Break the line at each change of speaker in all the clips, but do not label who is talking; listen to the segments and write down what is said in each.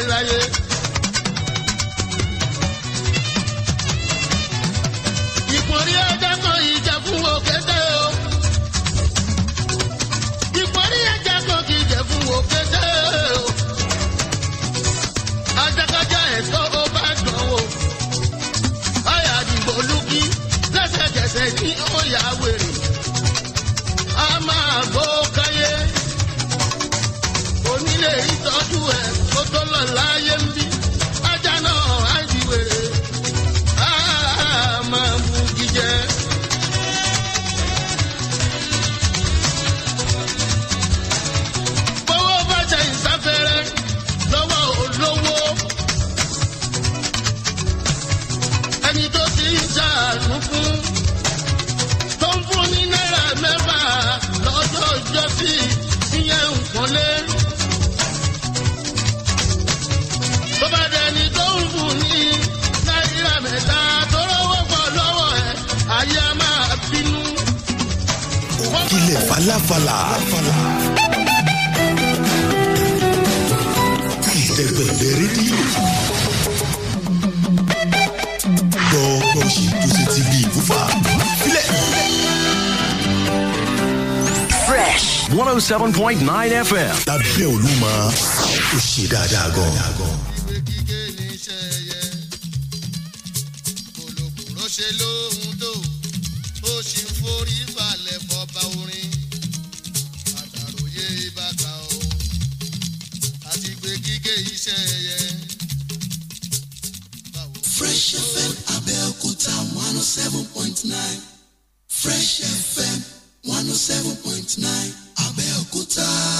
I'm láyé.
La Fala. La Fala. Fresh. 107.9 FM. Tabe oluma. Ushi dadagon. seven point nine Abẹ́òkúta.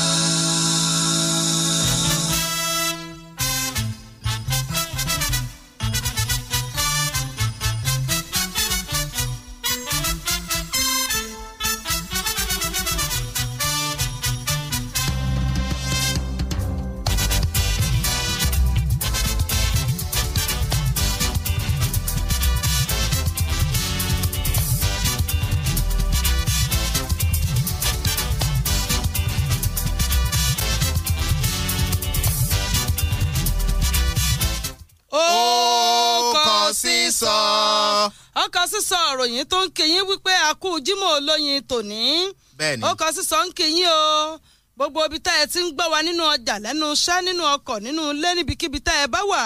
tó ń kìyìn wípé àkú Jímọ̀ olóyin tòní ó kọ sísọ ń kìyìn o gbogbo ibi tá ẹ ti ń gbọ́ wa nínú ọjà lẹ́nu iṣẹ́ nínú ọkọ̀ nínú ilé níbikíbi tá ẹ bá wà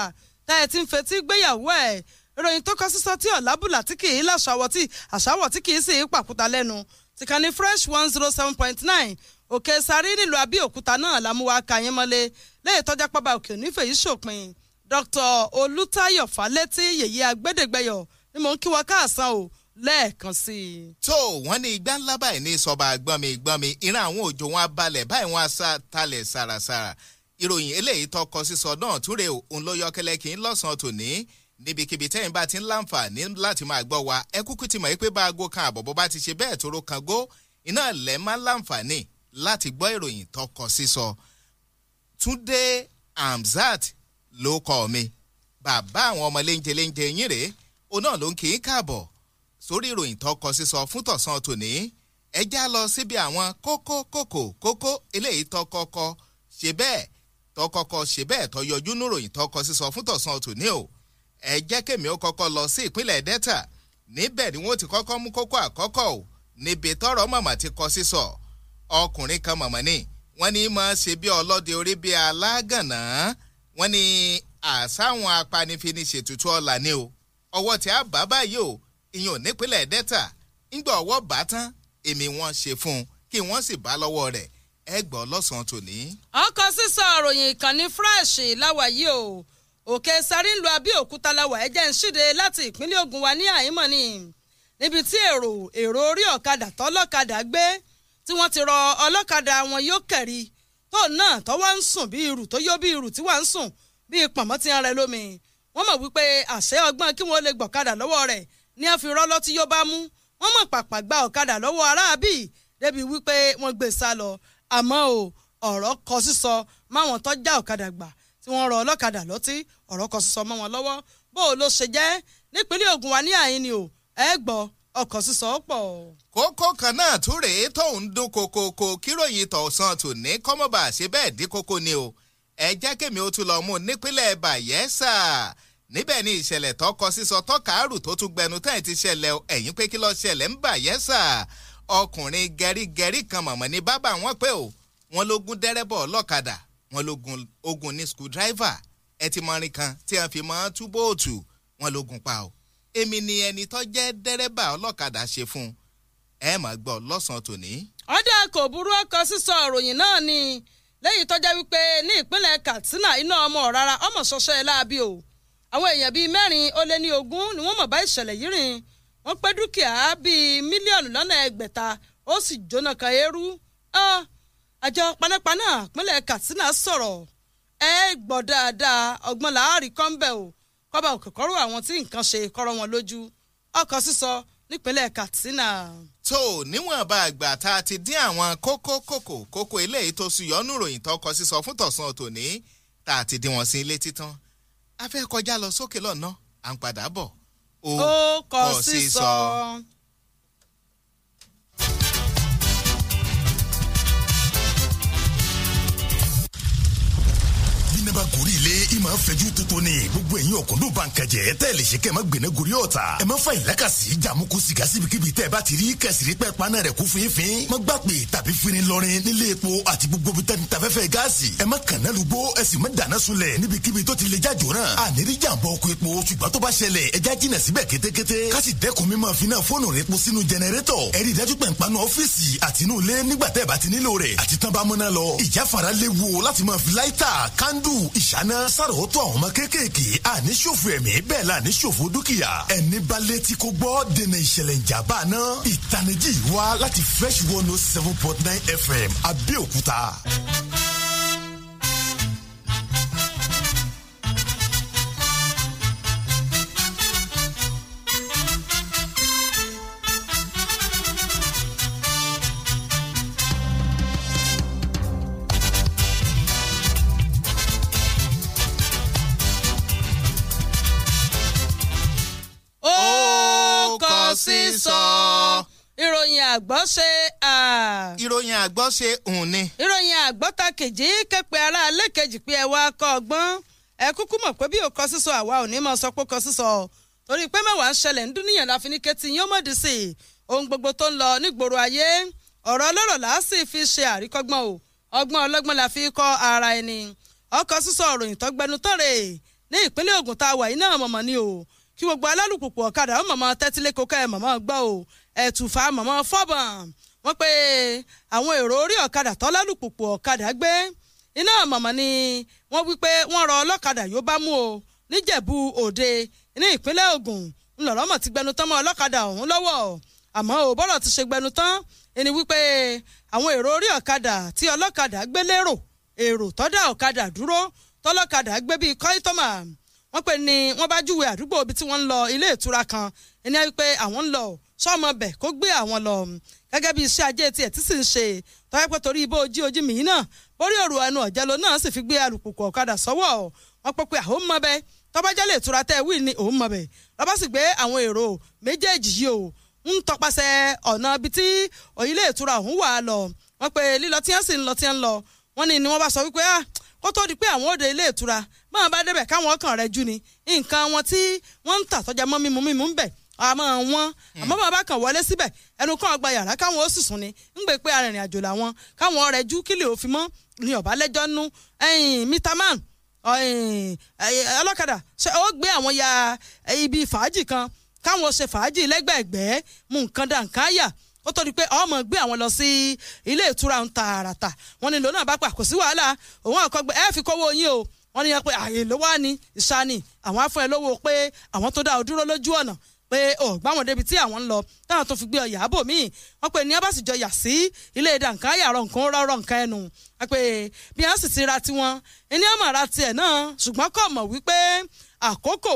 tá ẹ ti ń fetí gbéyàwó ẹ̀ ìròyìn tó kọ sísọ tí ọ̀làbùlà tí kì í làṣàwọ̀ tí àṣàwọ̀ tí kì í sì í pàkúta lẹ́nu tìkànnì fresh one zero seven point nine òkè sáré nílùú àbíòkúta náà làmúwa kàyín mọ́lé lẹ́yìn tọ́jà pábà òkè onífẹ̀ yìí ṣòpin dr olùtayọ̀ falẹ́tí yèyí agbẹ́dẹ́gbẹ́yọ̀ ni mò ń kí wa káàsán o lẹ́ẹ̀kan sí i. tó wọ́n ní igbá ńlá báyìí ní sọba
gbọ́nmi gbọ́nmi ìran àwọn òjò wọn á balẹ̀ báyìí wọn á sá talẹ̀ sàràsàrà ìròyìn eléyìí tọkọ sísọ náà túre òun ló yọkẹlẹ kì í lọ́sàn-án tòní níbikíbi tẹ́yìn bá ti ń láǹfààní láti máa gbọ́ wa ẹ kúkú ti mọ̀ pé bá aago kan àbọ̀bọ̀ bá ti ṣe bẹ́ẹ̀ tóró kan gó iná lẹ́ máa láǹfààní láti gbọ́ ìròyìn tọkọ sísọ Túndé Amzat ló kọ́ mi bàbá àwọn ọmọ léńjẹ léńjẹ yín rèé òun náà ló ń kì í káàbọ̀ sórí ìròyìn tó kọ sísọ fún tọ̀sán tòní ẹ já lọ síbi àwọn kókó kókó kókó eléyìí tó kọ́kọ́ ṣe bẹ́ẹ̀ tó kọ́kọ́ ṣe bẹ́ẹ̀ tó yọjú níròyìn tó kọ sísọ fún tọ̀sán tòní o ẹ jẹ́ kèmí ó kọ́kọ́ lọ sí ìpínlẹ̀ Delta níbẹ̀ ni wọ́n ti kọ́kọ́ mú kókó àkọ́kọ́ o níbi tọ́rọ̀ màmá ti kọ sísọ ọkùnrin kan màmá ni wọ́n ní máa ṣe bí ọlọ́dẹ orí bíi alágànná wọ́n ní àsáwọn apanifini ṣètùtù ọ̀la ni o ọwọ́ tí a bá báyìí o ìyọ̀n nípínlẹ̀ delta ńgbà ọwọ́ bá tán èmi wọn ṣe fún un kí wọ́n sì bá lọ́wọ́ rẹ̀ ẹ gbọ́ tòní.
ọkọ̀ sísọ òròyìn ìkànnì fresh láwa yìí o òkè sarin lu abẹ́òkúta láwa ẹ̀jẹ̀ ń ṣíde láti ìpínlẹ̀ Ògùn wa ní àyínmọ̀ ni níbi tí èrò èrò orí ọ̀kadà tọ́lọ́kadà gbé tí wọ́n ti rọ ọlọ́kadà wọn yóò kẹ̀rí tóun náà tọ́wọ́ ń sùn bí irù tó yó bí irù tí wọ́n ń sùn bí pọ̀nmọ́ ti ń rẹ lómi wọ́n mọ̀ wípé àṣẹ ọgbọ́n kí wọ́n lè gbọ̀kadà lọ́wọ́ rẹ̀ ní àfirọ́lọ́ tí yóò bá mú wọ́n mọ̀ pàpà gba ọ̀kadà lọ́wọ́ aráàbí débi wípé wọ́n gbé e sá lọ àmọ́ o ọ̀rọ̀ kọ sísọ máwọn tó já ọ̀kadà gbà tí wọ́n rọ ọlọ́kadà lọ́tí ọ̀rọ̀ kọ sísọ mọ́ wọn lọ́wọ́ bó o ló ṣe jẹ́ nípínlẹ̀ Ògùn wa ní àyín ni o ẹ gbọ́ ọkọ̀ sísọ pọ̀. kókó kan náà tún rèé
tóun dún kokoko kíròyìn tọ̀sán tòní kọ́mọ́bà ṣe bẹ́ẹ̀ dín kókó ni o ẹ jẹ́ kémi ó tún lọ mú nípínlẹ̀ Bayelsa níbẹ̀ ni ìṣẹ̀lẹ̀ tọkọ sísọ tọkàárù tó tún gbẹnu tẹ́ẹ̀ ti ṣẹlẹ̀ ẹ̀yìn pé kí lọ́ọ́ ṣẹlẹ̀ ń Bayelsa ọkùnrin gẹrígẹrí kan mọ̀mọ́ ní bábà wọn pé o wọn ló gún dẹ́rẹ́bà ọlọ́kadà wọn ló gun ogun ní screwdriver ẹ ti mọrin kan tí wọn fi mọ túbóòtù wọn ló pa o èmi ni ẹni tó jẹ́ dẹ́rẹ́bà ọlọ́kadà ṣe fún un ẹ máa gbọ́ lọ́sàn-án tòní.
ọ̀dà kò burú ọkọ̀ sísọ ìròyìn náà ni lẹ́yìn tó jẹ́ wípé ní ìpínlẹ̀ Katsina iná ọmọ rárá ọmọ ṣọṣọ́ ẹ láabi o àwọn èèyàn bíi mẹ́rin ó lé ní ogún ni wọ́n mọ̀ bá ìṣẹ̀lẹ̀ yìí rìn wọ́n pé dúkìá bíi mílíọ̀nù lọ́nà ẹgbẹ̀ta ó sì jóná kan eérú àjọ panápaná pínlẹ̀ Katsina sọ̀rọ̀ ẹ gbọ́ dáadáa ọgbọ́n láàárín kọ́ńbẹ̀ o kọ́ba òkèkọ́rọ́ àwọn tí nǹkan ṣe kọ́rọ́ wọn lójú ọkọ̀ sísọ nípínlẹ̀ Katsina. tó o níwọ̀nba àgbà tá a
ti dín àwọn kókó kòkó kókó eléyìí tó sùn yọnú ròyìn tó sísọ fún tọ̀sán tòní tá a ti dín wọn sí ilé títán a fẹ́ kọjá lọ sókè lọ́nà à ń padà bọ̀
ó kọ sísọ.
bí náà bá ilé ìmọ̀ fẹ́jú tuntun ni gbogbo ẹ̀yin òkúndùn bànkẹ́jẹ́ tẹ́ ẹ lè ṣe kẹ́ ẹ má gbéná gorí ọ̀tà ẹ má fa ìlàkàsí jàmúkú sìgá síbikíbi tẹ́ ẹ bá ti rí kẹsìrí pẹ́ paná rẹ̀ kú fínfín má gbà pé tàbí firin lọrin nílé epo àti gbogbo bí tẹ́ni tafẹ́fẹ́ gáàsì ẹ má kàná lùgbó ẹ sì má dáná sunlẹ̀ níbikíbi tó ti lè jájò náà àníri jàǹbá ọkọ̀ epo ṣùgbọ́n tó bá ṣẹlẹ̀ ẹ já jìnà síbẹ̀ kétékété ká sì dẹ́kun mímọ́ finá fóònù rẹ̀ epo sínú jẹnẹrétọ̀ ẹ rí dájú pé ìpanu ọ́fíìsì àtinú ilé nígbà tẹ́ ẹ bá ti nílò rẹ̀ àti tán bá mọ́ná lọ ìjáfara léwu láti ṣàròótó àwọn ọmọ kéékèèké àní ṣòfò ẹ̀mí bẹ́ẹ̀ la ní ṣòfò dúkìá ẹni bá létí kó gbọ́ dènà ìṣẹ̀lẹ̀ ìjàmbá náà ìtanijí wá láti fresh one oh seven point nine fm abẹ́òkúta.
àgbọ́ṣe. ìròyìn ṣe òun ni. ìròyìn àgbọ́ta kejì képe ara alẹ́ kejì pé ẹ wá kọ́ ọgbọ́n ẹ kúkú mọ̀ pé bí o kọ sísọ àwa ò ní mọ̀ sọ pé kọ sísọ torí pé mẹ́wàá ń ṣẹlẹ̀ ń dún ní yín ó ohun gbogbo tó ń lọ nígboro ayé ọ̀rọ̀ ọlọ́rọ̀ là á sì fi ṣe àríkọ́gbọ́n o ọgbọ́n ọlọ́gbọ́n la fi kọ́ ẹ̀tùfà mọ̀mọ́ fọ́bọ̀n wọ́n pé àwọn èrò orí ọ̀kadà tọ́lálùpùpù ọ̀kadà gbé iná mọ̀mọ́ ni wọ́n wí pé wọ́n rọ ọlọ́kadà yóò bá mú o níjẹ̀bú òde ní ìpínlẹ̀ Ògùn ńlọrọ́mọ̀ ti gbẹnu tán mọ́ ọlọ́kadà ọ̀hún lọ́wọ́ àmọ́ ò bọ́rọ̀ ti ṣe gbẹnu tán ẹni wípé àwọn èrò orí ọ̀kadà tí ọlọ́kadà gbé lérò èrò tọ́dá ọ̀kadà dúró tọ́lọ́kadà gbé bíi kọ́ítọ́mà wọ́n pè ní wọ́n bá júwe àdúgbò ibi tí wọ́n ń lọ ilé ìtura kan ẹni wípé àwọn ń lọ sọ́mọ bẹ̀ kó gbé àwọn lọ gẹ́gẹ́ bí iṣẹ́ ajé tiẹ̀ tí sì ń ṣe tọ́wọ́ pé torí ibò ojú ojú mi náà borí òru ẹnu ọ̀jẹ̀ló náà sì fi gbé alùpùpù ọ̀kadà sọ́wọ́ wọn pẹ́ pé àwọn mọ bẹ́ẹ̀ tọ́bajẹ́ lè tura tẹ́ wíì ni òun mọ bẹ́ẹ̀ lọ́ba sì gbé àwọn èrò méjèèjì yìí o ń tọpasẹ̀ ọ̀nà ibi tí òyìnlẹ̀ ìtura ọ̀hún wà á lọ wọn pe lílọ tí wọn sì ń lọ tí wọn lọ wọn ni wọn bá sọ wípé ah kó tó di pé àwọn òde ilé ìtura máa bá débẹ̀ káwọn ọkàn rẹ jù ni nǹkan wọn tí wọ́n ń tà tọ́jà mọ́ mímú mímú ń bẹ̀ àmọ́ wọn hmm. àmọ́ bàbá kan wọlé síbẹ̀ ẹnu kan gba yàrá káwọn ó sì sùn ni ń gbé pé arìnrìn àjò làwọn káwọn ọ̀rẹ́ jú kílè òfin mọ́ ni ọ̀bá lẹ́jọ́ nú mítà ọlọ́kadà ó gbé àwọn ya ibi fàájì kan káwọn ṣe fàájì lẹ́gbẹ̀ẹ́gbẹ́ mú nǹkan dà nǹkan yà ó tọ́ di pé ọmọ gbé àwọn lọ sí ilé ìtura ń tààràtà wọn ni lòun náà bá pa kò sí wàhálà òun àkọgbẹ ẹ fi kówó yín o wọ́n ní yẹn pé àyè ló wà ní ìsani àwọn afọ ẹ lówó pé àwọn tó dá ọ dúró lójú ọ̀nà pé ò oh, gbáwọn débi tí àwọn ń lọ táwọn tó fi gbé ọyà àbò míì wọn pe ní abasi jọ yà sí ilé dànkan yàrá nǹkan rọrọ nǹkan ẹnu wọn pe bí wọn sì ti ra tiwọn ẹni àmọ́ ara tiẹ̀ náà ṣùgbọ́n kò mọ̀ wípé àkókò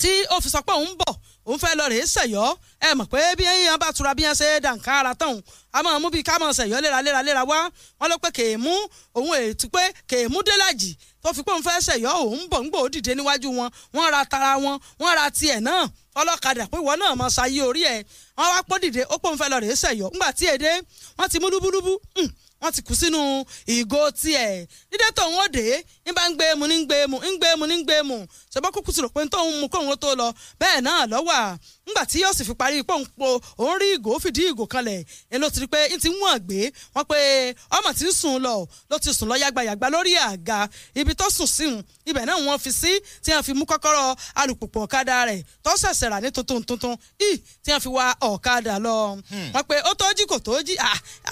tí ó fi sọ pé òun bọ̀ òun fẹ́ lọ rèé sẹ̀yọ́ ẹ mọ̀ pé bí èèyàn bá tura bí wọ́n ṣe dànká ara tán a máa mú bí ká máa sẹ̀yọ́ léraléraléra wá wọ́n ló pé kèémú òun ètí pé kèémú délàjì tó fi pé òun fẹ́ sẹ̀yọ́ òun bọ̀ ń gbòó dìde níwájú wọn wọ́n ra tara wọn wọ́n ra tiẹ̀ náà ọlọ́kadà pé ìwọ náà máa ṣayé orí ẹ̀ wọ́n wá pọ́ dìde ó pé òun fẹ́ lọ rèé sẹ̀yọ́ ńgbà tí èdè wọ́n ti mú lúbúlúbú hmm wọ́n ti kú sínú ìgò tiẹ̀ dídé tòun ó dé ń bá ń gbé mu ní ń gbé mu ń gbé mu ní ń gbé mu ṣùgbọ́n kúkú ti rò pé tóun mu kóun ó tó lọ bẹ́ẹ̀ náà lọ́wọ́ à tí yóò sì fi parí pòǹpo òun rí ìgò fìdí ìgò kanlẹ̀ ẹ ló ti rí pé ń ti wọ́n gbé wọ́n pé ọmọ ti ń sùn lọ ló ti sùn lọ yàgbàyàgbà lórí àga ibi tó sùn síhun ibẹ̀ náà wọ́n fi sí tí wọ́n fi mú kọ́kọ́rọ́ alùpùpù ọ̀kadà rẹ̀ tó ṣẹ̀ṣẹ̀ rà ní tuntun tuntun yìí tí wọ́n fi wa ọ̀kadà lọ. Hmm. wọ́n pe ó tó jí kò tó jí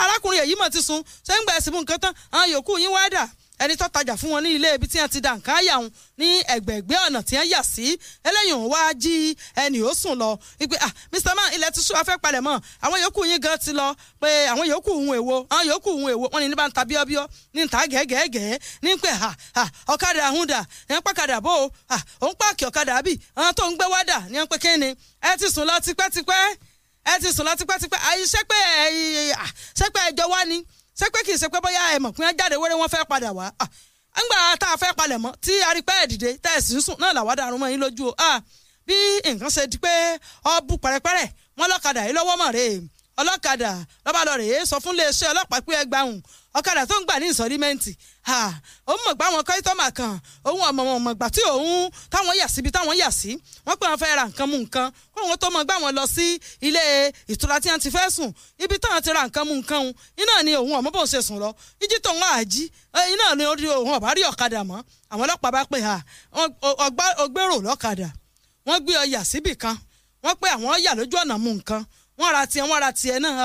arákùnrin yìí mọ̀ ti sun ṣé ń gbà ẹ̀sìn mú nǹkan tán àwọn yòókù yín wá dà ẹni tó tajà fún wọn ní ilé ibi tí wọn ti da nǹkan àyà wọn ní ẹgbẹ̀gbẹ́ ọ̀nà tí wọn yà sí ẹlẹ́yìn òun wáá jí ẹnì ó sùn lọ wípé ah Mr. Man ilẹ̀ ti sún afẹ́ palẹ̀ mọ́ àwọn yòókù yín gan ti lọ pé àwọn yòókù òun èwo àwọn yòókù òun èwo wọn ní ní bá ń ta bíọ́bíọ́ ní ń ta gẹ́gẹ́gẹ́ ní pé ha ah, ah, ha ọ̀kadà hunda ní wọn pàkàdà bò ó ha ah, òun pààkì ọ̀kadà bì àwọn tó ń gbé wádà ní wọn pé kíni ẹ ti sùn lọ tipẹ́tipẹ́ ẹ ti sùn lọ tipẹ́tipẹ́ àyíṣẹ́pẹ́ ẹ̀ẹ́dẹ́gbẹ́ ẹ̀jọ̀ wá ni ṣé pé kì í ṣe pé bóyá ẹ mọ̀ pé wọ́n jáde wéré wọ́n fẹ́ padà wá ńgbà tá a fẹ́ palẹ̀ mọ́ tí aripẹ́ dìde tẹ́ ẹ̀ sì ń sùn náà làwọn dàrú mọ́ yín lójú o bí nǹkan ṣe di pé ọ bú pẹ̀rẹ̀pẹ̀rẹ̀ wọ́n lọ́kadà yìí lọ́wọ́ mọ̀ rèé ọlọ́kadà lọ́ba lọ rèé sọ fún iléeṣẹ́ ọlọ́pàá pé ẹgbàáhùn ọ̀kadà tó ń gbà ní ìsọ̀rímẹ́ǹtì ó mọ̀ gbá àwọn kọ́sítọ́mà kan òun ọ̀mọ̀ ọ̀mọ̀ gbà tí òun táwọn yà síbi táwọn yà sí wọ́n pè wọ́n fẹ́ ra nǹkan mú nǹkan kó wọn tó mọ gbá wọn lọ sí ilé ìtura tí wọ́n ti fẹ́ sùn ibi táwọn ti ra nǹkan mú nǹkan òun iná ni òun ọ̀mọ̀ bò ń ṣe sùn lọ ijí tó wọn àjí iná ni òun ọ̀bá rí ọ̀kadà mọ́ àwọn ọlọ́pàá bá pè ha ọgbẹ́rò lọ́kadà wọ́n gbé ọyà síbì kan wọ́n pé àwọn ọyà lójú ọ̀nà mú nǹkan wọ́n ra tiẹ̀ wọ́n ra tiẹ̀ náà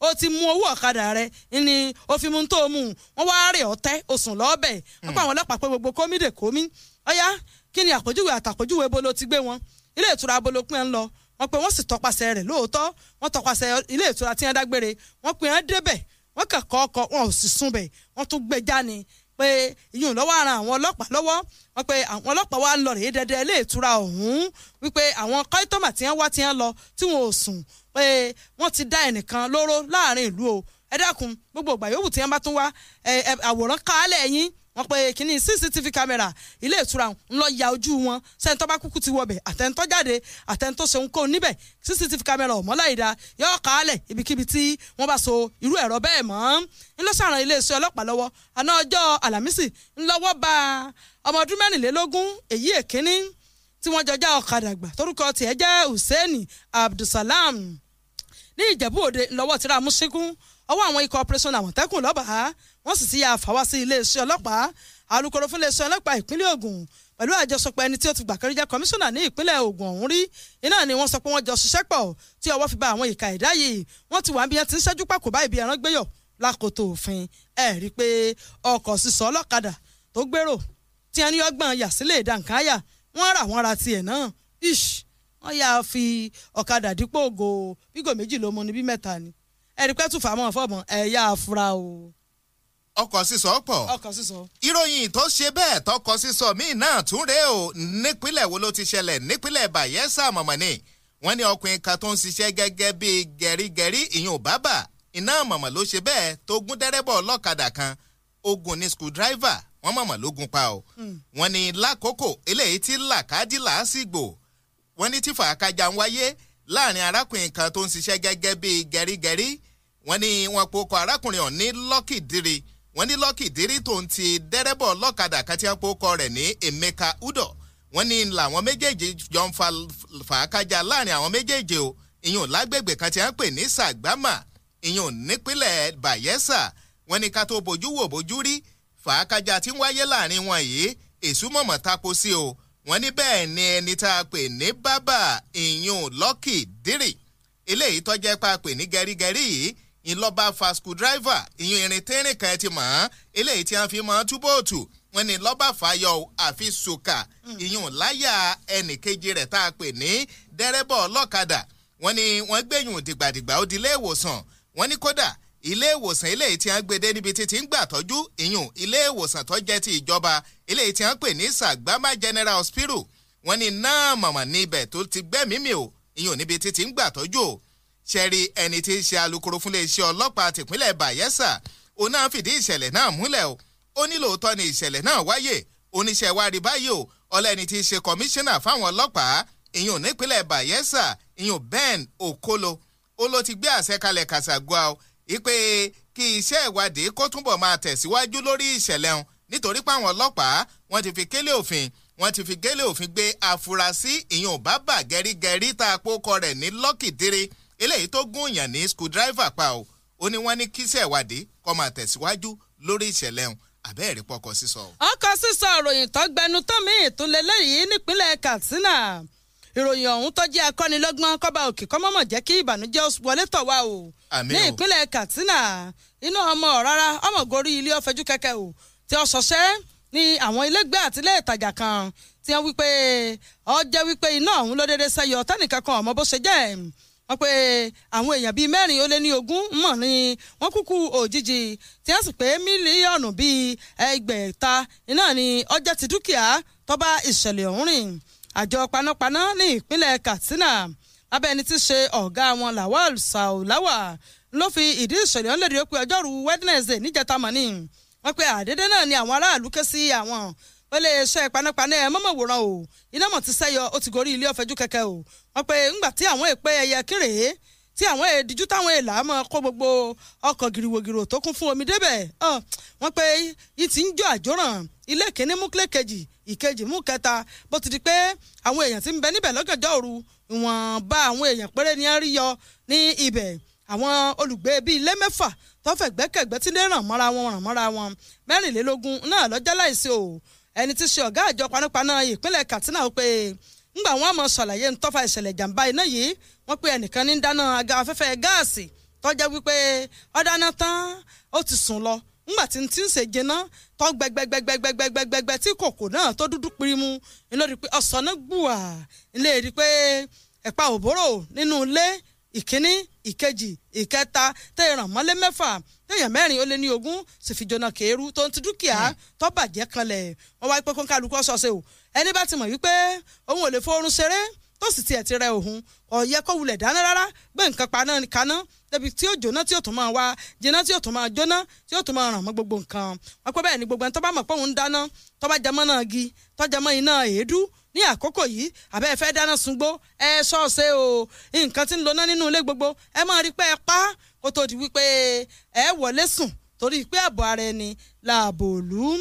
ó ah, ti mú owó ọ̀kadà rẹ̀ ni ó fi mú tó mú wọ́n wá rè ọ̀tẹ́ oṣù lọ́ọ̀bẹ̀ wọ́n pa hmm. àwọn ọlọ́pàá pé gbogbo kómìdè kómì ọ̀yá kí ni àpèjúwe àtàpèjúwe bo ló ti gbé wọn ilé ìtura bo ló pín ẹ̀ ń lọ wọ́n pe wọ́n sì tọpasẹ̀ rẹ̀ lóòótọ́ wọ́n tọpasẹ̀ ilé ìtura tí wọ́n dágbére wọ́n pe wọ́n débẹ̀ wọ́n kàn kọ́ wọn ò sì sún bẹ̀ tún gbẹjá ni pé ìyún lọ́wọ́ ara àwọn ọlọ́pàá lọ́wọ́ wọ́n pé àwọn ọlọ́pàá wa ń lọ rèé dẹdẹ ilé ìtura ọ̀hún wípé àwọn kọ́ítọ́mà tí wọ́n wá tí wọ́n lọ tí wọ́n ò sùn pé wọ́n ti dá ẹnìkan lóró láàrin ìlú o ẹ dákun gbogbo ìgbà yòówù tí wọ́n bá tún wá àwòrán káálẹ̀ yín wọ́n pe kínní cctv camera ilé ìtura ńlọ ya ojú wọn sẹ́ni tó bá kúkú ti wọbẹ̀ àtẹ̀ntọ́ jáde àtẹ̀ntọ́ ṣeun kó níbẹ̀ cctv camera ọ̀mọ́láyìdá yọ kàálẹ̀ ibikíbi tí wọ́n bá so irú ẹ̀rọ bẹ́ẹ̀ mọ́ ńlọ́sàrán iléeṣẹ́ ọlọ́pàá lọ́wọ́ àná ọjọ́ àlàmísì ńlọ́wọ́ bá ọmọ ọdún mẹ́rìnlélógún èyí èkínní tí wọ́n jọjá ọ̀kadà gbà torúkọ tiẹ̀ jẹ́ Hussein Abdulsalam ní Ìjẹ̀bú Òde lọ́wọ́ tíra mú síkún ọwọ́ àwọn ikọ̀ operation àmọ̀tẹ́kùn lọ́bàá wọ́n sì ti yà fàwa sí iléeṣẹ́ ọlọ́pàá alukoro fún iléeṣẹ́ ọlọ́pàá ìpínlẹ̀ Ògùn pẹ̀lú àjọṣepọ̀ ẹni tí ó ti gbà kẹrí jẹ́ kọmíṣánná ní ìpínlẹ̀ Ògùn ọ̀hún rí iná ni wọ́n sọ pé wọ́n jọ ṣiṣẹ́ pọ̀ tí ọwọ́ fi bà àwọn ìka ẹ̀dá yìí wọ́n ti wà níbi yẹn ti ń ṣẹ́jú pàkó báyìí bí ẹran gbéyọ̀ lákòótó òfin ẹ̀ rí i pé ọkọ̀ sísọ ọlọ́kadà tó gbèrò tí ẹni ọgbọ́n yà sílé ìdànkáyà wọ́n rà wọ́n ra tiẹ̀ náà ish wọ́n yà fi ọ̀kadà dípò ògo bígò méjì ló mu ní bí mẹ́ta ni ẹ̀rí pẹ́ tún fàámọ̀ fọ́ọ̀mọ̀ ẹ̀yà afura o. ọkọ̀ sísọ pọ̀ ọkọ̀ sísọ. ìròyìn tó ṣe
bẹ́ẹ̀ tọkọ sísọ míì náà tún rèé o nípínlẹ̀ wo ló ti ṣẹlẹ̀ nípínlẹ̀ Bayelsa mọ̀mọ́ ni wọ́n ní ọkùnrin kan tó ń ṣiṣẹ́ gẹ́gẹ́ bíi gẹ̀rígẹ̀rí ìyún bábà iná mọ̀mọ́ ló ṣe bẹ́ẹ̀ tó gún dẹ́rẹ́bọ̀ ọlọ́kadà kan ogun ní screwdriver wọ́n mọ̀mọ́ ló gun pa o. Hmm. wọ́n ní lákòókò eléyìí tí làkàdí làásìgbò wọ́n ní tí fàákàjà ń wáyé láàrin arákùnrin kan tó ń ṣiṣẹ́ gẹ́gẹ́ bíi gẹ̀rígẹ̀rí wọ́n ní wọ́n pokọ arákùnrin ọ̀hún ní lọ́kìdírí wọ́n ní lọ́kìdírí tòun ti dẹ́rẹ́bọ̀ lọ́kadà kan tí wọ́n pokọ rẹ̀ ní emeka udo wọ́n ní làwọn méjèèjì jọ ń fa kájà láàrin àwọn méjèèjì o ìyẹn lágbègbè kan tí wọ́n pè ní sàgbámà ìyẹn nípínlẹ̀ bayelsa wọ́n ní ká tó bójú wò bójú rí fàákájà tí ń wáyé láàrin wọn yìí èsúmọ̀mọ̀ tako sí o wọ́n ní bẹ́ẹ̀ ni ẹni tá a pè ní bábà ìyẹn lọ́kìdírì eléyìí tọ́jẹ́ pa pè ní gẹrígẹrí yìí ìlọ́ba fa screwdriver ìyún irin tẹ́rìn kan ẹ ti mọ̀ ọ́n eléyìí tí wọ́n fi mọ́ túbọ̀tù wọ́n ní lọ́ba fàyọ àfi sùkà hmm. ìyún láyà ẹnìkejì rẹ̀ tá a pè ní dẹ́rẹ́bà ọlọ́kadà wọ́n ní wọ́n gbẹ̀yùn dìgbàdìgbà ó di ilé ìwòsàn wọ́n ní kódà ilé ìwòsàn eléyìí tí wọ́n gbede níbi títí ń gbà tọ́jú ìyún ilé ìwòsàn tó jẹ́ ti ìjọba eléyìí tí wọ́n pè ní Sàgbámà General Hospital wọ́n ní náà mọ̀mọ́ níbẹ̀ tó ti gbẹ́mímì o ìyún níbi títí ń gbà tọ́jú o ṣẹ́rí ẹni tí í ṣe alukoro fún iléeṣẹ́ ọlọ́pàá tìpínlẹ̀ Bayelsa òun náà fìdí ìṣẹ̀lẹ̀ náà múlẹ̀ o ó ní lóòótọ́ ni ìṣẹ̀lẹ̀ náà wáyé oníṣẹ́ wa rí báyìí o ọlẹ́ni tí í ṣe kọmíṣánná fáwọn ọlọ́pàá ìyún nípínlẹ̀ Bayelsa ìyún Ben Okolo ó ló ti gbé àṣẹ kalẹ̀ kàṣàgùà o ìpè kí iṣẹ́ ìwádìí kó túnbọ̀ máa tẹ̀síwájú lórí ìṣẹ̀lẹ̀ ọ̀hún nítorí páwọn ọlọ́pàá wọ́n ti fi kélé òfin wọ́n ti fi kélé òfin gbé àfúrásì ìyún bàbà gẹ́rígẹ́rí tá a pòkọ rẹ̀ ní lọ́kìdírí eléyìí tó gún èèyàn ní screwdriver pa o ó ní wọ́n ní kíṣẹ́ ìwádìí kó máa tẹ̀síwájú lórí ìṣẹ̀lẹ̀ ọ̀hún àbẹ́ẹ̀rí pọkọ sísọ.
ọkọ sísọ ìròyìn tó gbẹnu tán mí ìtúnlẹ̀ lẹ́yìn nípínlẹ̀ Katsina ìròyìn ọ̀hún tó jẹ́ akọ́nilọ́gbọ́n kọ́ba òkè kọ́mọ́mọ́ jẹ́ kí ìbànújẹ́ wọlé tọ̀ wá o ní ìpínlẹ̀ Katsina iná ọmọ rárá ọmọ gorí ilé ọ̀fẹ́jú kẹ̀kẹ́ o tí ó ṣọṣẹ́ ní àwọn ilégbé àti ilé ìtajà kan tí wọ́n wípé ó jẹ́ wípé iná ọ̀hún ló dédé sẹ́yọ tẹ́nìkan kan ọ̀mọ́ bó ṣe jẹ́ wọ́n pé àwọn èèyàn bíi mẹ́rin ó lé ní ogún mọ̀ ni wọ́n kúkú òjijì tí wọ́n sì pé mílíọ̀nù bíi ẹgbẹ̀ta iná ni ọjà ti dúkìá tó bá ìṣẹ̀lẹ̀ ọ̀hún rìn àjọ panápaná ní ìpínlẹ̀ Katsina abẹ́ ẹni ṣe ọ̀gá wọn Lawal Saulawa ló fi ìdí ìṣẹ̀lẹ̀ ọ̀hún lédè pé ọjọ́rú Wednesday níjẹta mọ̀ ni wọ́n pé àdédé náà ni àwọn aráàlú ké sí àwọn ó lè ṣe panápaná ẹ mọ́mọ́ wòran o iná mọ̀ ti sẹ́yọ ó ti gorí ilé ọ̀fẹ́jú kẹ̀kẹ́ o wọ́n pe ńgbà tí àwọn èèpẹ́ ẹyẹ kéré tí àwọn èdìjú táwọn èèlà mọ kó gbogbo ọkọ̀ gìrìwògìrò tó kún fún omi débẹ̀ wọ́n pe yìí ti ń jó àjóràn ilé kìíní mú kílé kejì ìkejì mú kẹta bó ti di pé àwọn èèyàn ti ń bẹ níbẹ̀ lọ́gànjọ́ òru ìwọ̀nba àwọn èèyàn péré ni a rí yọ ní ibẹ̀ àwọn olùgbé bíi ilé mẹ́fà tọ́fẹ̀gbẹ́kẹ̀gbẹ́ tí lè ràn mọ́ra wọn ràn mọ́ra wọn mẹ́rìnlélógún náà lọ́jọ́ láìsí o ẹni tí ṣe ọ̀gá àjọ panápaná ìpínlẹ̀ Katsina ó pé ngbà wọn mọ̀ ṣàlàyé ntọ́fà ìṣẹ̀lẹ̀ ìjàmbá iná yìí wọ́n pé ẹnìkan ní dáná aga afẹ́fẹ́ gáàsì tọ́jà wípé ọ̀dáná tán ó ti sùn lọ tí ti ń tọ́ gbẹgbẹgbẹgbẹgbẹgbẹgbẹ tí kòkò náà tó dúdú pirimu pé ọ̀sán gbùà rí pé ẹ̀pà nínú ilé ìkíní ìkejì ìkẹta téèyàn mọ́lé mẹ́fà téèyàn mẹ́rin ó lé ní ogún sì fi jóná kéérú tó ń ti dúkìá hmm. tó bàjẹ́ kanlẹ̀ wọ́n wáá pé kó ń kálukú ọ̀sọ̀ọ̀sẹ̀ o ẹni bá ti mọ̀ wípé òun ò lè fọrun ṣeré tó sì tiẹ̀ ti rẹ òun ọ̀yẹ́ kó wulẹ̀ dáná rárá gbé nǹkan paná kaná débi tí ó jóná tí ó tún máa wá jiná tí ó tún máa jóná tí ó tún máa ràn mọ́ gbogbo nǹkan wọn pé bẹ́ẹ̀ ni gbogbo ẹni tó bá mọ̀ pé òun dáná tó bá jẹmọ́ náà gi tó jẹmọ́ iná èédú ní àkókò yìí àbẹ́ ẹ fẹ́ dáná sungbó ẹ ṣọ́ọ̀ṣe o nǹkan ti ń lona nínú ilé gbogbo ẹ máa rí pé ẹ pa kó tó di wípé ẹ wọlé sùn torí pé ààbò ara ẹni làbò lù ú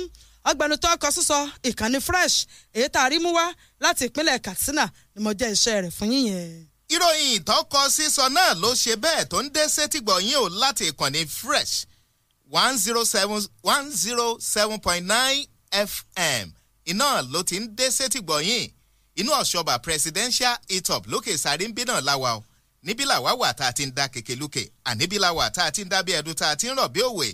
agbẹnutọ́ ọkọ̀ sísọ ìkànnì fresh èyí tá a rí mú wá láti ìpínlẹ̀ katsina ni mo jẹ́ iṣẹ́ rẹ̀ fún yíyẹn. ìròyìn ìtọ́kọ sísọ náà ló ṣe bẹ́ẹ̀ tó ń dé sétígbọ̀ yín o láti ìkànnì
fresh one zero seven one zero seven point nine fm iná ló ti ń dé sétìgbọ̀yìn inú ọ̀ṣọ́bà presidential etop lókè sáré ń bí náà láwa o níbí làwa wà tá a ti ń da kékelúkè àníbí làwa tá a ti ń dábí ẹdun tá a ti ń rọ̀ bí òwe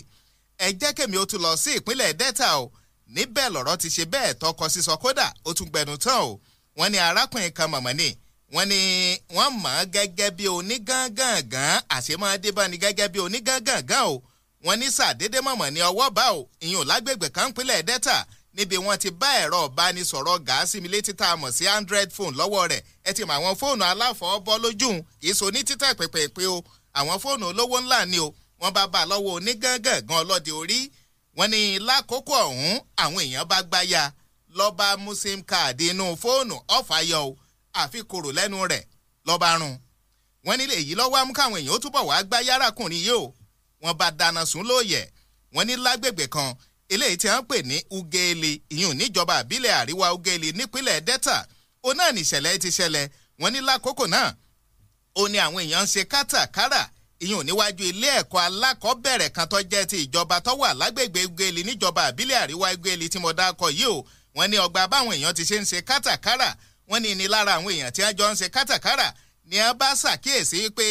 ẹ jẹ́ kèmi ó tún lọ sí ìpínlẹ̀ delta o níbẹ̀ lọ̀rọ̀ ti ṣe bẹ́ẹ̀ tọkọ sísọ kódà ó tún gbẹnu tán o wọ́n ní arákùnrin kan mọ̀mọ́ ni wọ́n ní wọ́n mọ̀ ọ́ gẹ́gẹ́ bí onígangangan àṣemáadé bá ní gẹ́gẹ́ bí onígangangan o wọ́n ní sàdédé mọ̀mọ́ ní ọwọ́ bá o ìyẹn lágbègbè kan pínlẹ̀ delta níbi wọ́n ti bá ẹ̀rọ ìbánisọ̀rọ̀ gàásì mi létí tá a mọ̀ sí android phone lọ́wọ́ rẹ̀ ẹ ti mọ àwọn fóònù aláfọwọ́bọ́ lójúùn kì í so ní títà pẹ̀pẹ̀pẹ̀ o àwọn fóònù olówó ńlá ni o wọ́n bá bá a lọ́wọ́ onígangangan ọlọ́dẹ orí wọ́n ní lákòókò ọ̀hún àwọn èèyàn bá gbáya lọ́ba mú sim card inú fóònù ọ̀fàyọ o àfi kòrò lẹ́nu rẹ̀ lọ́ba rún wọ́n nílé èyí lọ́wọ́ amú káwọn èèyàn ó túbọ̀ wá gbá yàrá kùnrin yìí o wọ́n bá dáná sùn lóòyẹ̀ wọ́n ní lágbègbè kan eléyìí tí a ń pè ní Ugele ìyún níjọba àbílẹ̀ àríwá Ugele nípínlẹ̀ Delta ó náà nìṣẹ̀lẹ̀ ti ṣẹlẹ̀ wọ́n ní lákòókò náà ó ní àwọn èèyàn ń ṣe kátàkárà ìyún níwájú ilé ẹ̀kọ́ alákọ̀ọ́bẹ̀rẹ̀ kan tó jẹ́ ti ìjọba tó wà lágbègbè Ugele níjọba àbílẹ̀ àríwá Ugele tí mo dákọ̀ yìí o wọ́n ní ọgbà báwọn èèyàn ti ṣe ń ṣe kátàkárà wọ́n ní ní lára àwọn èèyàn tí wọ́n jọ ń ṣe kátàkárà ni wọ́n bá ṣàkíyèsí pé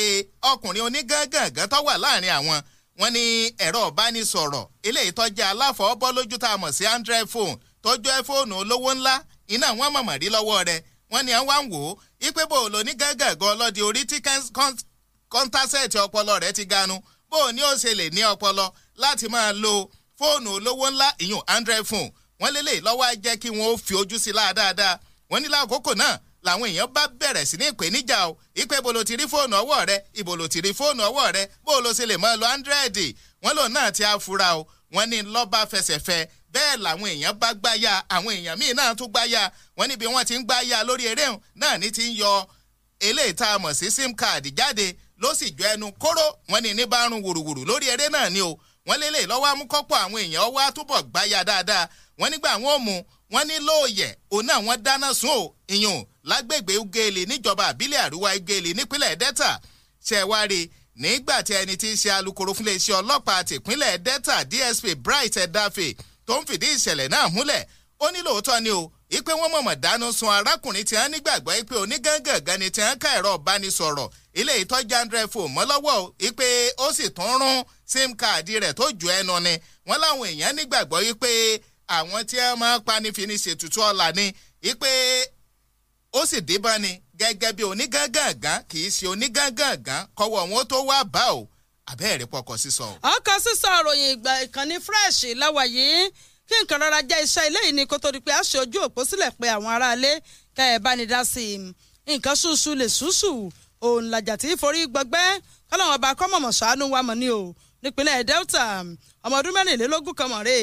ọkùnrin onígàngàngàn tó wà láàrin àwọn wọ́n ní ẹ̀rọ ìbánisọ̀rọ̀ eléyìí tọ́jà aláfọwọ́bọ́ lójú tá a mọ̀ sí android phone tọ́jú ẹ fóònù olówó ńlá iná wọn mọ̀mọ̀ rí lọ́wọ́ rẹ̀ wọ́n ní àwọn ń wò ó ipe bò ló ní gángangan ọlọ́dì orí tí kọ́ńtàṣẹ́ẹ̀tì ọpọlọ rẹ̀ ti ganu bó o ní ó ṣe lè ní ọpọlọ láti máa lo fóònù olówó ńlá ìyún android phone wọ́n lélẹ̀ lọ́wọ́ á jẹ́ kí wọ́n ó fi ojú sí i láàdáadáa wọ́n ní láàkókò náà làwọn èèyàn bá bẹ̀rẹ̀ sí ní ìpèníjà o ìpè bolo ti rí fóònù ọwọ́ rẹ ibo lo ti rí fóònù ọwọ́ rẹ bó lo ṣe lè mọ́ lo áńdírẹ́ẹ̀dì wọ́n lòun náà ti afura o wọ́n ní lọ́ba fẹsẹ̀ fẹ bẹ́ẹ̀ làwọn èèyàn bá gbáya àwọn èèyàn míì náà tún gbáya wọ́n níbi wọ́n ti ń gbáya lórí eré náà ní ti ń yọ eléyìí tá a mọ̀ sí sim card jáde ló sì jọ ẹnu kóró wọ́n ní ní bá ń run wùrùwùrù lórí eré náà ni o wọ́n lélẹ̀ lọ́wọ́ amúkọ́pọ̀ àwọn èèyàn wá túbọ̀ gbáya dáadáa wọ́n nígbà wọn ò mú wọ́n ní lóòyẹ̀ òun náà wọ́n dáná sun o ìyún lágbègbè Ugele níjọba àbílẹ̀ àríwá Ugele nípínlẹ̀ Delta ṣẹ̀wárí nígbà tí ẹni tí í ṣe alukoro fún iléeṣẹ́ ọlọ́pàá tìpínlẹ̀ Delta DSP Bright Edafe tó ń fìdí ìṣẹ̀lẹ̀ náà múlẹ̀ ó ní lóòótọ́ ni o ipe wọn mọ̀mọ̀ dáná sun arákùnrin tí wọ́n nígbàgbọ́ ipe onígangangan ni tí wọ́n ká ẹ̀rọ ìbánisọ̀rọ̀ ilé ìtọ́jú andré fò mọ́ lọ́wọ́ ipe ó sì tún rún sim káàdì rẹ̀ tó ju ẹnu ni wọ́n láwọn èèyàn nígbàgbọ́ ipe àwọn tí wọ́n máa pa ní fi ní ṣètùtù ọ̀la ni ipe ó sì dé bá ni gẹ́gẹ́ bí onígángàngán kì í ṣe onígángàngán kọ́wọ́ wọn tó wá bá o àbẹ́ẹ̀rẹ́ pọkọ sísọ.
ọkọ sísọ ròyìn ìgbà ìkànnì fresh lọ́wọ́ yìí kí nǹkan rọra jẹ́ iṣẹ́ ilé yìí ni kó tó di pé a ṣe ojú òpó sílẹ̀ pé àwọn aráalé ká ẹ̀ bá ní dá sí i nǹkan ṣùṣù lè ṣùṣù òun làjà tí forí gbọgbẹ́ kọ́lọ́wọ́n ọba kọ́mọ̀mọ̀ ṣàánú wa mọ̀ ni o nípínlẹ̀ delta ọmọ ọdún mẹ́rìnlélógún kan mọ̀ rè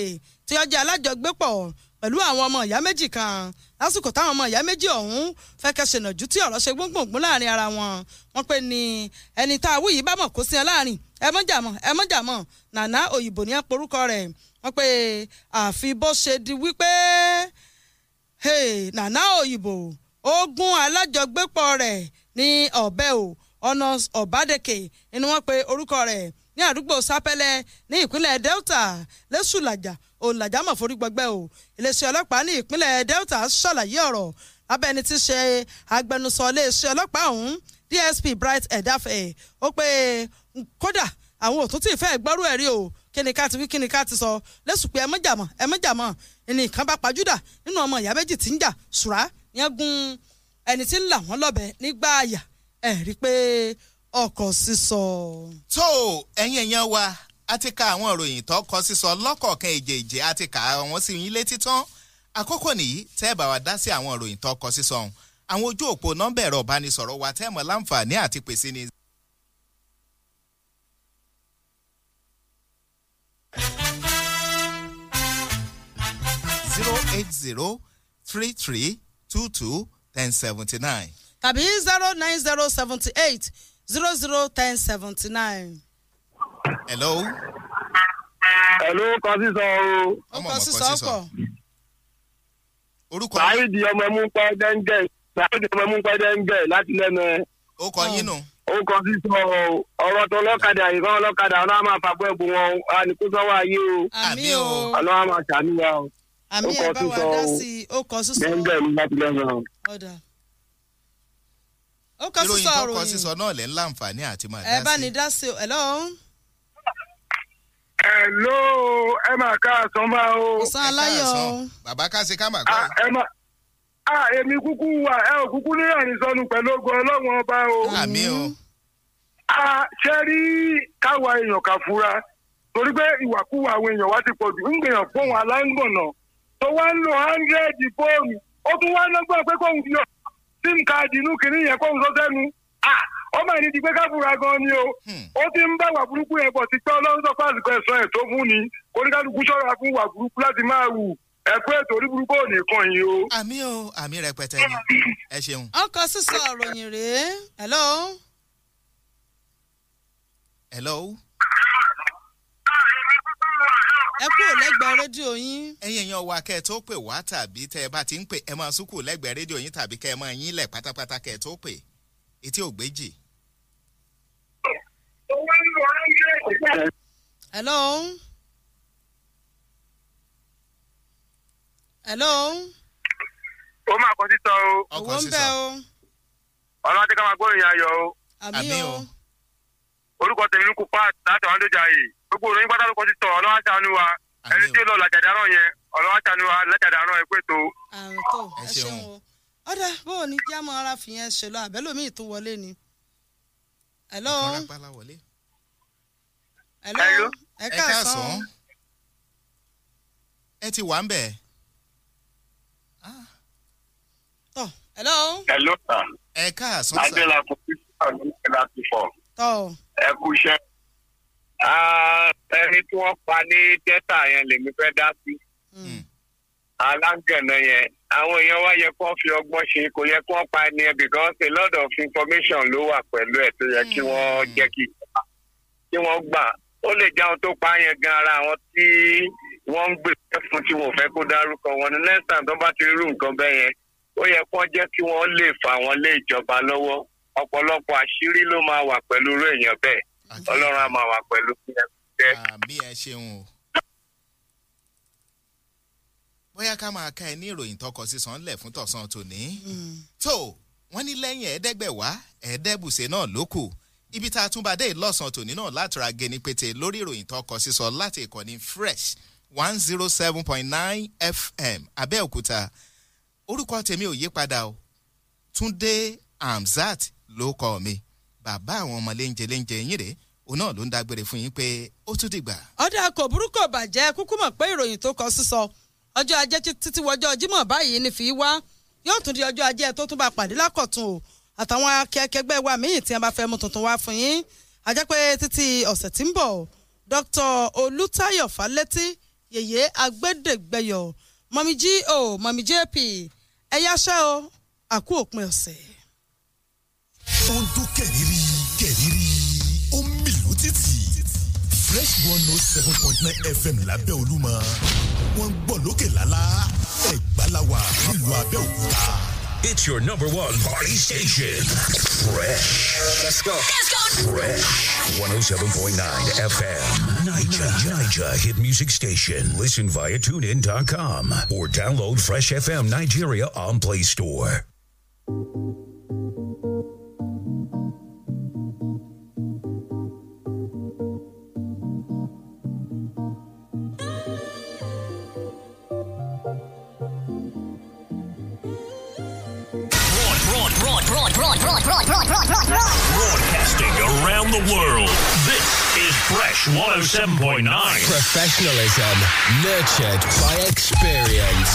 tí ó jẹ́ alájọgbépọ̀ pẹ̀lú àwọn ọmọ ìyá méjì kan lásìkò táwọn ọmọ ìyá méjì ọ̀hún fẹ́ kẹsànà ju tí ọ̀rọ̀ ṣe gbóngbòngbòn láàrin ara wọn wọ́n pe ni ẹni tá a wú yìí bá mọ̀ kó sí ẹ láàrin ẹ mọ́jà mọ̀ ẹ mọ́jà mọ̀ nàná òyìnbó ní aporúkọ rẹ̀ wọ́n pe àfi bó ṣe di wípé nàná òyìnbó ogun alájọgbépọ̀ rẹ̀ ní ọ̀bẹ ò ọ̀nà ọ̀bádẹ́kẹ̀ ni wọ́n pe orúkọ rẹ̀ ní àdúgbò sápẹ́lẹ́ ní ìpínlẹ̀ delta lẹ́sùlàjà òǹlàjà mọ̀ forí gbọgbẹ́ o iléeṣẹ́ ọlọ́pàá ní ìpínlẹ̀ delta ṣàlàyé ọ̀rọ̀ abẹni tí ṣe agbẹnusọ iléeṣẹ́ ọlọ́pàá ọ̀hún dsp bright edafe. ó pé kódà àwọn òtún tí ì fẹ́ gbọ́rú ẹ̀rí o kí ni ká ti wí kí ni ká ti sọ lẹ́sùn pé ẹmọ́jàmọ́ ẹmọ́jàmọ́ ẹni kan bá pajúdà nínú ọmọ ìyá méjì tí ń jà ṣùrá yẹn gun ẹni tí ń là wọ́n lọ́bẹ nígbà àyà ẹ̀rí pé ọkọ̀ sísọ. tó o ẹ̀yin èèyàn wa
a ti ka àwọn ìròyìn tó kọ sísọ lọ́kọ̀ọ̀kan èjèèjì a ti kà wọ́n sí yín létí àkókò nìyí tẹ́ ẹ bá wa dá sí àwọn ìròyìn tó kọ sísọ ọ̀hún àwọn ojú òpó nọ́mbà ẹ̀rọ ìbánisọ̀rọ̀ wa tẹ́ ẹ mọ̀ láǹfààní àti pèsè ni. zero eight zero three three two two ten seventy nine.
tàbí zero nine zero seventy eight zero zero ten seventy nine.
hello.
hello kọ sísọ o. ó kọ sísọ ọkọ. orúkọ yín. sáyidi ọmọ ẹmú pẹ́ dẹ́ngẹ̀ sáyidi ọmọ ẹmú pẹ́ dẹ́ngẹ̀ láti lẹ́nu ẹ. ó kọ yín nù. ó kọ sísọ o ọ̀rọ̀ tó lọ́kadà ìkan ọlọ́kadà ọ̀nà àmà àfàgbọ́ ẹ̀bùn wọn àníkúsọ́ wà yé o. àmì o ọ̀nà àmà sàníyà o. àmì ẹ̀ bá wa dá
sí
i ó kọ sísọ. dẹ́ngẹ̀ ló láti lẹ́nu ọ
ó kọ sísọ ìròyìn ìròyìn tó kọ sísọ
náà lẹ́ ń láǹfààní àti máa dá sí. ẹ bá
ní dá sí o hello.
hello ẹ máa ká àsán máa o. ọ̀sán aláyọ̀ o. bàbá káṣe ká
máa gbọ́. Ah, ẹ máa a ah, èmi kúkú wà ẹ ò kúkú ní àrísọnù pẹ̀lú ogun ọlọ́wọ́n ọba o. àmì o. a ah, ṣe rí káwa èèyàn kà fura torí pé ìwàkúwà àwọn èèyàn wa ti pọ̀ jù ń gbìyàn fóun aláǹgbọ̀nà tó wá ń lo hundred fóònù ó tún wá lọ́gbọ́n pé kóun yọ sim káàdì inú kìíní yẹn kó ń sọ sẹ́nu ọmọ ẹni ti gbé káfúra gan ni o hmm. ó ti ń bá wà burúkú yẹn bọ̀ títí ọlọ́run sọ pàṣẹ ẹ̀sọ́ ẹ̀ tó fún ni kóníkálukú ṣọ́ra fún wà burúkú láti máa wù ẹ pé torí burúkú ò
ní kàn yín o. àmì o àmì rẹpẹtẹ ni ẹ ṣeun.
ọkọ sísọ ròyìn rèé hello.
hello. ẹ kúrò lẹ́gbẹ̀ẹ́ rédíò yín. ẹ̀yin èèyàn wa kẹ́ ẹ tó pè wá ti ń pè ẹ máa súnkù lẹ́gbẹ̀ẹ́ rédíò yín tàbí kẹ́ ẹ máa yín lẹ̀ pátápátá ogbeji. tó pè etí ò
hello. hello.
ó máa o. owó ń bẹ o. ọlọ́run ti ká máa gbóyè ayọ̀ o. àmì o. orúkọ tèmi ló kú láti gbogbo òròyìn pátá ló kọ sí tọ ọlọ́wà ṣàánú wa ẹni tí ó lọ làjàdáràn yẹn ọlọ́wà ṣàánú wa làjàdáràn ẹ pé
tó. àrùn tó ẹ ṣeun o ọ̀dà bó o ní kí á mọ ara fìyẹn ṣe lọ àbẹ́lòmí ìtò wọlé ni. hello. hello.
ẹ káàsán. ẹ ti wà ń bẹ̀.
Ah. tọ hello. hello sir. ẹ
káàsán
sir. adéla kò sí sàlùmí láti fọ. tọ. ẹ kú iṣẹ́ ẹni tí wọ́n pa ní delta yẹn lèmi fẹ́ dá sí hmm. alágànná yẹn àwọn èèyàn wá yẹ kó fi ọgbọ́n ṣe kò yẹ kó pa ẹni yẹn because a lot of information ló wà pẹ̀lú ẹ̀ tó yẹ kí wọ́n hmm. jẹ́ kí kí wọ́n gbà ó lè jáwọn tó pa yẹn gan ara àwọn tí wọ́n ń gbé fún tí wọ́n fẹ́ kó dárúkọ wọn ní next time tó bá ti rú nǹkan bẹ́ẹ̀ yẹn ó yẹ kó jẹ́ kí wọ́n lè fà wọ́n lé ìjọba lọ́wọ́ ọ̀pọ̀lọpọ̀ àṣírí ló máa wà pẹ̀lú irú èèyàn bẹ́ẹ̀ ọlọ́run á máa wà pẹ̀lú kí ẹ fẹ́.
àbí ẹ ṣeun o bóyá ká máa ka ẹ ní ìròyìn tọkọ sísan lẹ̀ fún tọ̀sán tòní. Hmm. tó wọ́n ní lẹ́yìn ẹ̀ẹ́dẹ́gbẹ̀wá ẹ̀ẹ́dẹ́bùsẹ̀ náà ló ibi tá a tún bá dé lọ́sàn-án tòní náà látara geni pété lórí ìròyìn tọkọ sísan láti ìkànnì fresh one zero seven point nine fm abẹ́òkúta orúkọ tèmi ò yí padà o túndé amzat ló kọ́ mi bàbá àwọn ọmọ léńjẹ léńjẹ yín rèé òun náà ló ń dágbére fún yín pé ó tún dìgbà.
ọ̀dà kò burúkú bàjẹ́ kúkú mọ̀ pé ìròyìn tó kọ sísọ ọjọ́ ajé títí wọjọ́ jímọ̀ báyìí ni fi wá yóò tún di ọjọ́ ajé tó tún bá pàdé lákọ̀tún o àtàwọn akẹkẹgbẹ́ wa míì tí wọ́n bá fẹ́ mú tuntun wá fún yín ajẹ́ pé títí ọ̀sẹ̀ tí ń bọ̀ Dr. Olùtayọ̀ Fálétí yèyé agbẹ́dẹ̀gbẹ́yọ̀ g o mọ̀mí jp ẹ̀yáṣẹ́ o àkú òpin ọ̀sẹ̀. dún kẹ̀rìírí kẹ̀rìírí ó mìlú títì fresh one
note oh seven point nine fm lábẹ́ olúmọ wọ́n ń gbọ́ lókè lálá ẹ̀gbálawa nílùú abẹ́òkúta. It's your number one party station.
Fresh. Let's go. Let's
go. Fresh. 107.9 FM. Niger. Niger Hit Music Station. Listen via tunein.com or download Fresh FM Nigeria on Play Store. Broadcasting around the world. This is Fresh 107.9.
Professionalism nurtured by experience.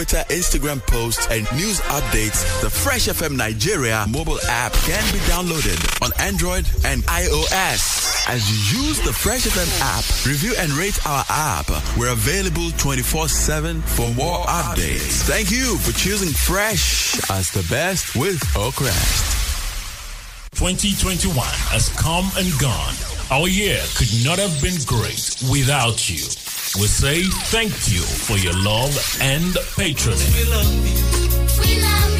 Twitter, Instagram posts, and news updates, the Fresh FM Nigeria mobile app can be downloaded on Android and iOS. As you use the Fresh FM app, review and rate our app. We're available 24 7 for more updates. Thank you for choosing Fresh as the best with Oakrest.
2021 has come and gone. Our year could not have been great without you we say thank you for your love and patronage.
We love you. We love you.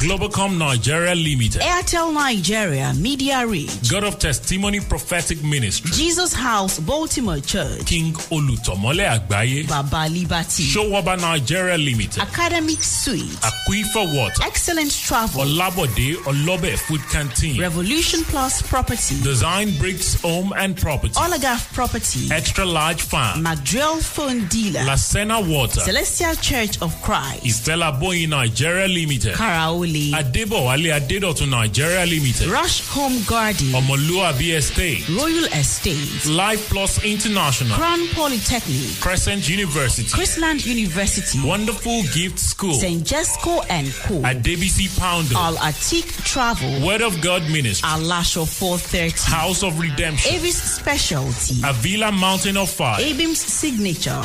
Globalcom Nigeria Limited, Airtel Nigeria Media Reach, God of Testimony Prophetic Ministry, Jesus House Baltimore Church, King Olutomole Agbaye, Baba Liberty, Showaba Nigeria Limited, Academic Suite, Aquifer Water, Excellent Travel, Olabode Olobe Food Canteen, Revolution Plus Property, Design Bricks Home and Property, Olagaf Property, Extra Large Farm, Madrill Phone Dealer, Lasena Water, Celestial Church of Christ, Estella Boy Nigeria Limited, Karaoli Ali Adebowale Adedotun Nigeria Limited. Rush Home Garden. Omoluabi Estate. Royal Estate. Life Plus International. Grand Polytechnic. Crescent University. Chrisland University. Wonderful Gift School. St. Jesco and Co. Adebisi Pounder. Al Atik Travel. Word of God Ministry. Alasho 430. House of Redemption. Avis Specialty. Avila Mountain of Fire. Abim's Signature.